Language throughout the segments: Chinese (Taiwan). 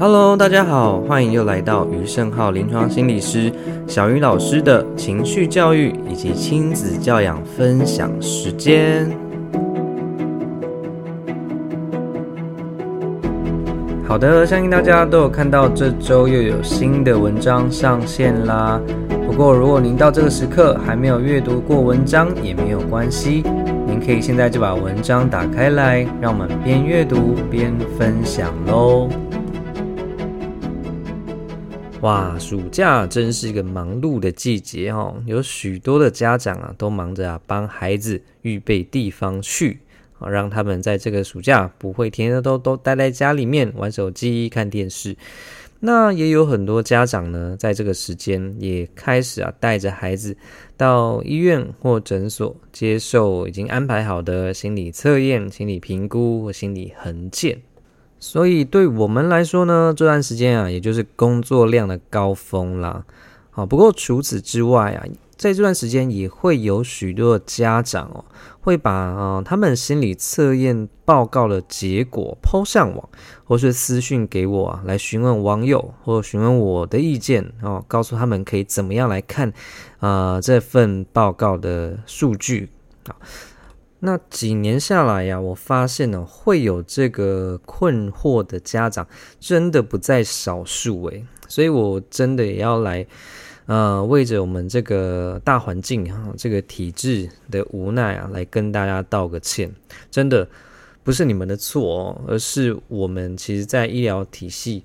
Hello，大家好，歡迎又來到余勝皓臨床心理師小魚老師的情緒教育以及親子教養分享時間。好的，相信大家都有看到這周又有新的文章上線啦。不過如果您到這個時刻還沒有閱讀過文章，也沒有關係，您可以現在就把文章打開來，讓我們邊閱讀邊分享嘍。哇，暑假真是一個忙碌的季節哦！有許多的家長啊，都忙着啊幫孩子預備地方去，好讓他們在這個暑假不會天天都都待在家裡面玩手機、看電視。那也有很多家長呢，在這個時間也開始啊帶着孩子到醫院或診所接受已經安排好的心理測驗、心理評估或心理衡鑑。所以對我們來說呢，這段時間啊，也就是工作量的高峰啦。啊，不過除此之外啊，在這段時間也會有許多的家長哦，會把啊、哦、他們心理測驗報告的結果 PO 上網，或是私訊給我啊，來詢問網友或詢問我的意見哦，告訴他們可以怎麼樣來看啊、呃、這份報告的數據啊。那幾年下來呀，啊，我發現呢，會有這個困惑的家長真的不在少數誒，所以我真的也要來，呃，為着我們這個大環境啊，這個體制的無奈啊，來跟大家道個歉，真的不是你們的錯，哦，而是我們其實在醫療體系，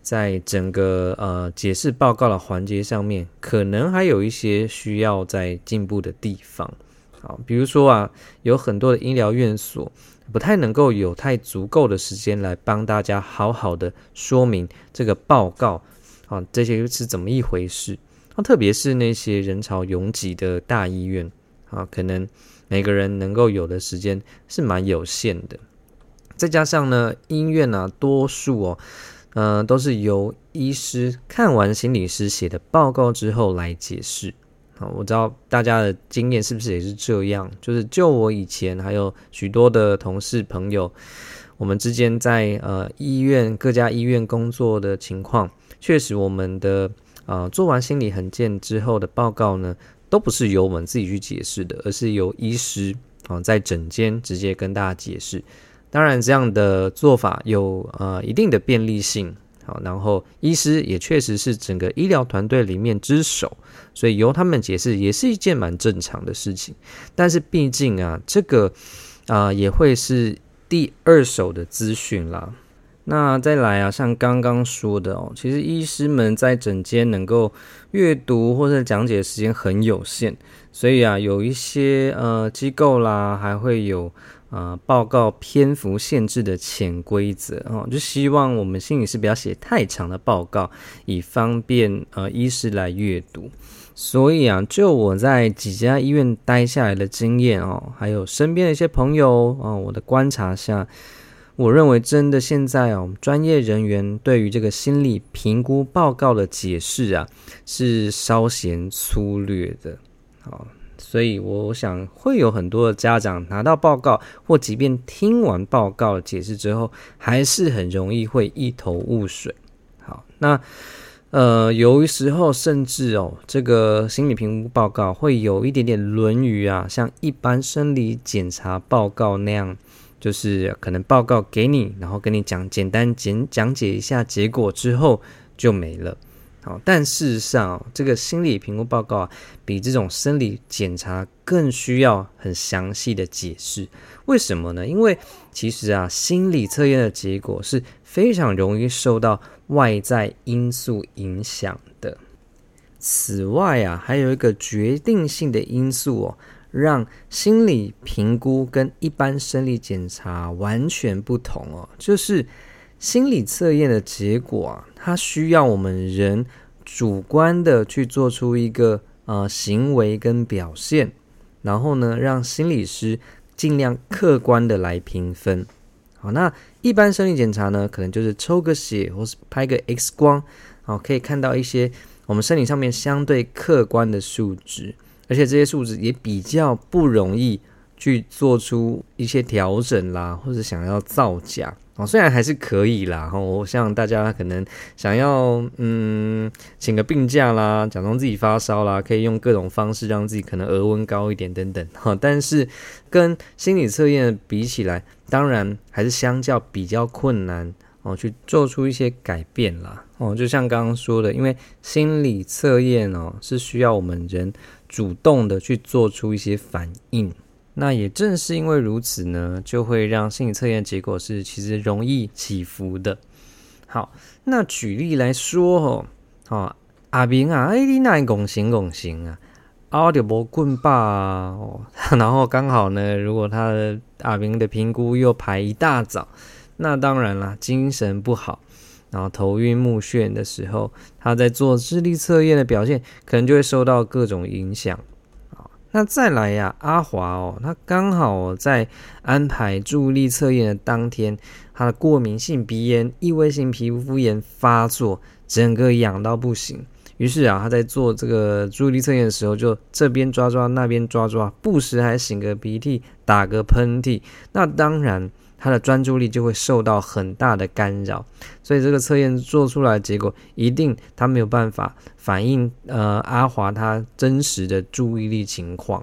在整個呃解釋報告的環節上面，可能還有一些需要再進步的地方。啊，比如說啊，有很多的醫療院所不太能夠有太足夠的時間來幫大家好好的說明這個報告啊，這些又是怎麼一回事？啊，特別是那些人潮擁擠的大醫院啊，可能每個人能夠有的時間是蠻有限的。再加上呢，醫院啊，多數哦，嗯，呃，都是由醫師看完心理師寫的報告之後來解釋。啊，我知道大家的經驗是不是也是這樣？就是就我以前還有許多的同事朋友，我們之間在呃醫院各家醫院工作的情況，確實我們的啊、呃、做完心理衡鑑之後的報告呢，都不是由我們自己去解釋的，而是由醫師啊、呃、在診間直接跟大家解釋。當然，這樣的做法有呃一定的便利性。好，然後醫師也確實是整個醫療團隊裡面之首，所以由他們解釋也是一件蠻正常的事情。但是畢竟啊，這個啊、呃、也會是第二手的資訊啦。那再來啊，像剛剛說的哦，其實醫師們在診間能夠閱讀或者講解的時間很有限，所以啊，有一些呃機構啦，還會有。啊、呃，報告篇幅限制的潛規則哦，就希望我們心理師不要寫太長的報告，以方便呃醫師來閱讀。所以啊，就我在幾家醫院待下來的經驗哦，還有身邊的一些朋友啊、哦，我的觀察下，我認為真的現在哦，專業人員對於這個心理評估報告的解釋啊，是稍嫌粗略的，好、哦。所以我想會有很多的家長拿到報告，或即便聽完報告解釋之後，還是很容易會一頭霧水。好，那呃，有些時候甚至哦，這個心理評估報告會有一點點淪於啊，像一般生理檢查報告那樣，就是可能報告給你，然後跟你講簡單簡講，講解一下結果之後就沒了。好，但事實上哦，這個心理評估報告啊，比這種生理檢查更需要很詳細的解釋。為什麼呢？因為其實啊，心理測驗的結果是非常容易受到外在因素影響的。此外啊，還有一個決定性的因素哦，讓心理評估跟一般生理檢查完全不同哦，就是心理測驗的結果啊，它需要我們人。主觀的去做出一個呃行為跟表現，然後呢，讓心理師盡量客觀的來評分。好，那一般生理檢查呢，可能就是抽個血或是拍個 X 光，好，可以看到一些我們生理上面相對客觀的數值，而且這些數值也比較不容易。去做出一些調整啦，或者想要造假哦，雖然還是可以啦。哦，像大家可能想要嗯，請個病假啦，假裝自己發燒啦，可以用各種方式讓自己可能額溫高一點等等。哈、哦，但是跟心理測驗比起來，當然還是相較比較困難哦。去做出一些改變啦。哦，就像剛剛說的，因為心理測驗哦是需要我們人主動的去做出一些反應。那也正是因為如此呢，就會讓心理測驗結果是其實容易起伏的。好，那舉例來說，哦，阿明啊，哎，你那拱形拱形啊，我、啊、就無棍把、啊、哦，然後剛好呢，如果他的阿明的評估又排一大早，那當然啦，精神不好，然後頭暈目眩的時候，他在做智力測驗的表現，可能就會受到各種影響。那再來呀、啊，阿華哦，他剛好在安排智力測驗的當天，他的過敏性鼻炎、異位性皮膚炎發作，整個癢到不行。於是啊，他在做這個智力測驗的時候，就這邊抓抓，那邊抓抓，不時還擤個鼻涕，打個噴嚏。那當然。他的專注力就會受到很大的干擾，所以這個測驗做出來的結果一定他沒有辦法反映呃阿華他真實的注意力情況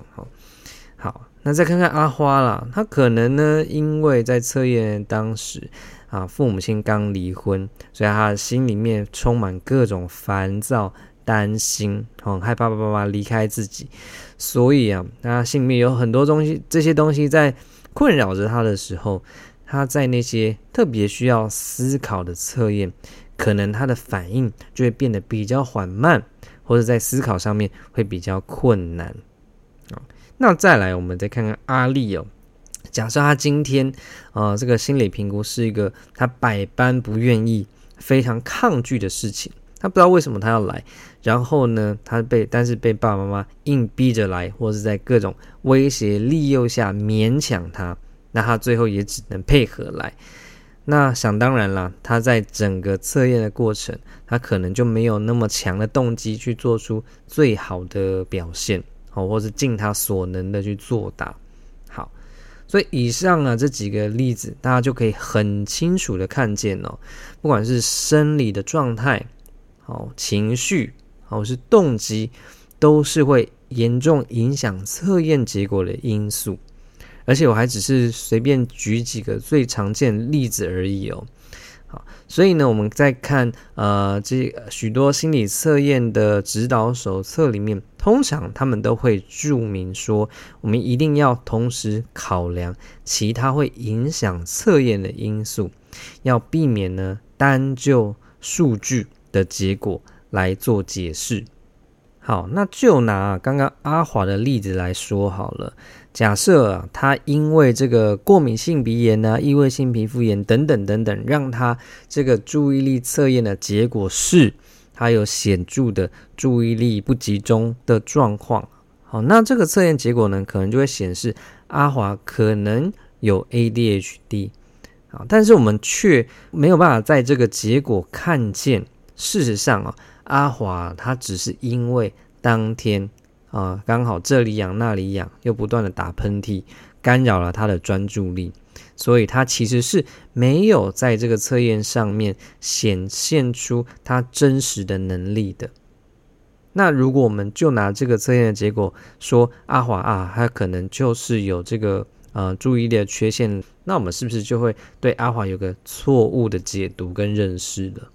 好，那再看看阿花啦，他可能呢因為在測驗當時啊，父母親剛離婚，所以他心裡面充滿各種煩躁、擔心，很、哦、害怕爸爸媽媽離開自己，所以啊，他心裡面有很多東西，這些東西在困擾着他的時候，他在那些特別需要思考的測驗，可能他的反應就會變得比較緩慢，或者在思考上面會比較困難。那再來，我們再看看阿麗哦。假設他今天，啊、呃，這個心理評估是一個他百般不願意、非常抗拒的事情。他不知道為什麼他要來，然後呢，他被，但是被爸爸媽媽硬逼着來，或是在各種威脅利誘下勉強他，那他最後也只能配合來。那想當然啦，他在整個測驗的過程，他可能就沒有那麼強的動機去做出最好的表現哦，或是盡他所能的去作答。好，所以以上呢這幾個例子，大家就可以很清楚的看見哦，不管是生理的狀態。情緒，或是動機，都是會嚴重影響測驗結果的因素。而且我還只是隨便舉幾個最常見例子而已哦。好，所以呢，我們在看呃這許多心理測驗的指導手冊裡面，通常他們都會注明說，我們一定要同時考量其他會影響測驗的因素，要避免呢單就數據的結果來做解釋。好，那就拿剛剛阿華的例子來說好了。假設啊，他因為這個過敏性鼻炎啊、異位性皮膚炎等等等等，讓他這個注意力測驗的結果是，他有顯著的注意力不集中的狀況。好，那這個測驗結果呢，可能就會顯示阿華可能有 ADHD。好，但是我們卻沒有辦法在這個結果看見。事實上啊，阿華他只是因為當天啊，呃，剛好這裡癢那裡癢，又不斷的打噴嚏，干擾了他的專注力，所以他其實是沒有在這個測驗上面顯現出他真實的能力的。那如果我們就拿這個測驗的結果說阿華啊，他可能就是有這個呃注意力的缺陷，那我們是不是就會對阿華有個錯誤的解讀跟認識了？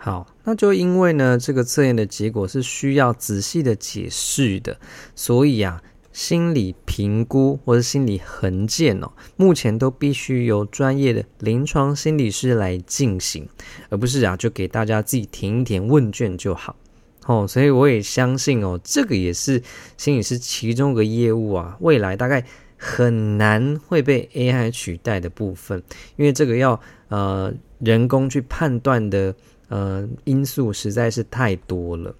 好，那就因為呢，這個測驗的結果是需要仔細的解釋的，所以啊，心理評估或是心理衡鑑，哦，目前都必須由專業的臨床心理師來進行，而不是啊，就給大家自己填一填問卷就好。哦，所以我也相信哦，這個也是心理師其中一個業務啊，未來大概很難會被 AI 取代的部分，因為這個要呃人工去判斷的。呃，因素實在是太多了。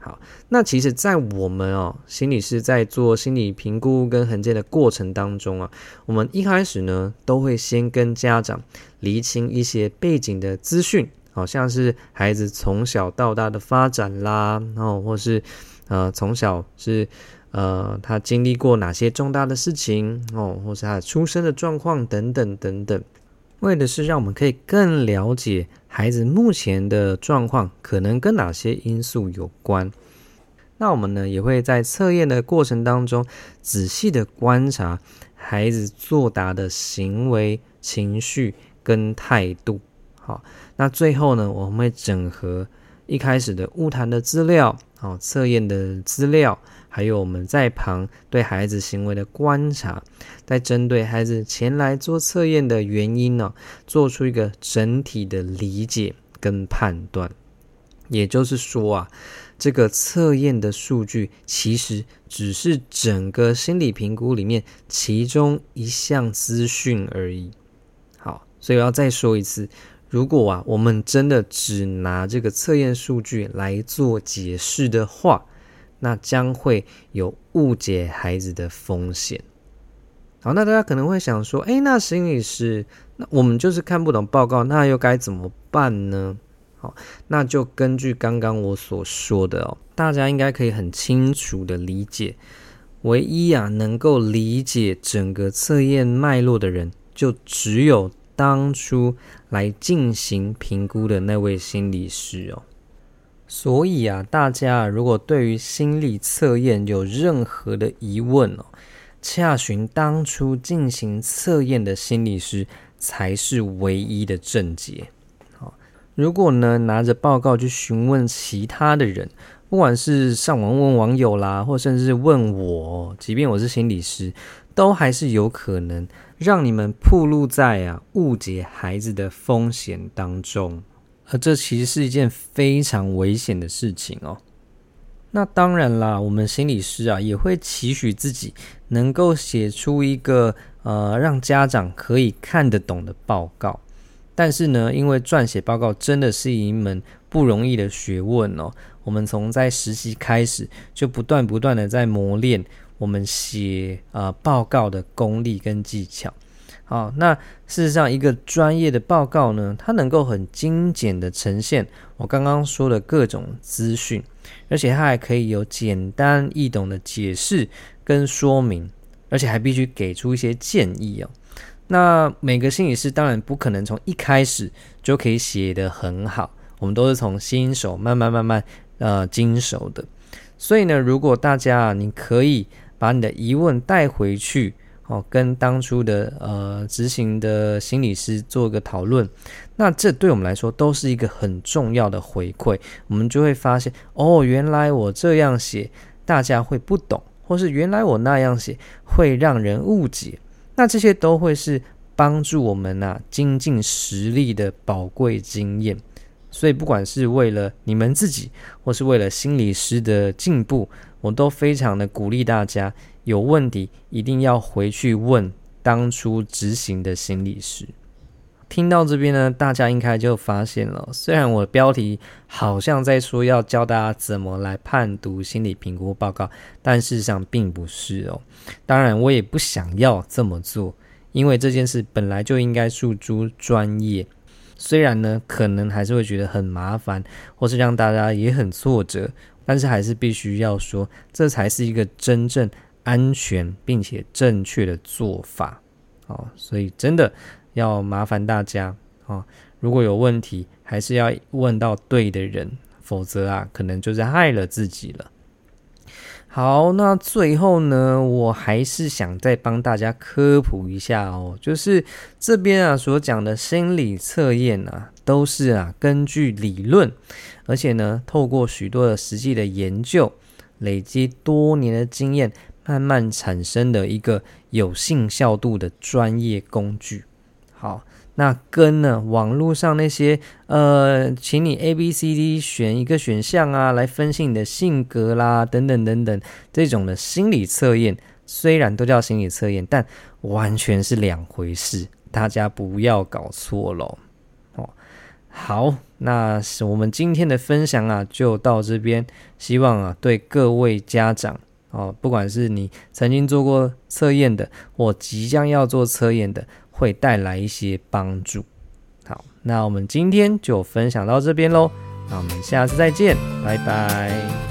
好，那其實，在我們哦，心理師在做心理評估跟衡鑑的過程當中啊，我們一開始呢，都會先跟家長釐清一些背景的資訊，好、哦、像是孩子從小到大的發展啦，然、哦、後或是呃，從小是呃，他經歷過哪些重大的事情哦，或是他出生的狀況等等等等。為的是讓我們可以更了解孩子目前的狀況，可能跟哪些因素有關。那我們呢，也會在測驗的過程當中仔細的觀察孩子作答的行為、情緒跟態度。好，那最後呢，我們會整合一開始的晤談的資料。好，測驗的資料，還有我們在旁對孩子行為的觀察，再針對孩子前來做測驗的原因呢、哦，做出一個整體的理解跟判斷。也就是說啊，這個測驗的數據其實只是整個心理評估裡面其中一項資訊而已。好，所以我要再說一次。如果啊，我們真的只拿這個測驗數據來做解釋的話，那將會有誤解孩子的風險。好，那大家可能會想說，誒、欸，那心理師，那我們就是看不懂報告，那又該怎麼辦呢？好，那就根據剛剛我所說的哦，大家應該可以很清楚的理解，唯一啊能夠理解整個測驗脈絡的人，就只有當初來進行評估的那位心理師哦，所以啊，大家如果對於心理測驗有任何的疑問哦，洽詢當初進行測驗的心理師才是唯一的正解。如果呢，拿着報告去詢問其他的人，不管是上網問網友啦，或甚至問我，即便我是心理師。都還是有可能讓你們暴露在啊，誤解孩子的風險當中，而這其實是一件非常危險的事情哦。那當然啦，我們心理師啊也會期許自己能夠寫出一個呃讓家長可以看得懂的報告，但是呢，因為撰寫報告真的是一門不容易的學問哦。我們從在實習開始就不斷不斷的在磨練，我們寫呃報告的功力跟技巧，好，那事實上一個專業的報告呢，它能夠很精簡的呈現我剛剛說的各種資訊，而且它還可以有簡單易懂的解釋跟說明，而且還必須給出一些建議哦。那每個心理師當然不可能從一開始就可以寫得很好，我們都是從新手慢慢慢慢呃精熟的，所以呢，如果大家你可以。把你的疑問帶回去，哦，跟當初的呃執行的心理師做一個討論，那這對我們來說都是一個很重要的回饋。我們就會發現，哦，原來我這樣寫大家會不懂，或是原來我那樣寫會讓人誤解。那這些都會是幫助我們吶、啊、精進實力的寶貴經驗。所以，不管是為了你們自己，或是為了心理師的進步。我都非常的鼓勵大家，有問題一定要回去問當初執行的心理師。聽到這邊呢，大家應該就發現了，雖然我的標題好像在說要教大家怎麼來判讀心理評估報告，但事實上並不是哦。當然，我也不想要這麼做，因為這件事本來就應該訴諸專業。雖然呢，可能還是會覺得很麻煩，或是讓大家也很挫折。但是還是必須要說，這才是一個真正安全並且正確的做法，哦，所以真的要麻煩大家，如果有問題，還是要問到對的人，否則啊，可能就是害了自己了。好，那最後呢，我還是想再幫大家科普一下哦，就是這邊啊所講的心理測驗啊，都是啊根據理論。而且呢，透過許多的實際的研究，累積多年的經驗，慢慢產生的一個有信效度的專業工具。好，那跟呢，網絡上那些呃，請你 A B C D 選一個選項啊，來分析你的性格啦，等等等等，這種的心理測驗，雖然都叫心理測驗，但完全是兩回事，大家不要搞錯嘍。好，那我們今天的分享啊，就到這邊。希望啊，對各位家長哦，不管是你曾經做過測驗的，或即將要做測驗的，會帶來一些幫助。好，那我們今天就分享到這邊嘍。那我們下次再見，拜拜。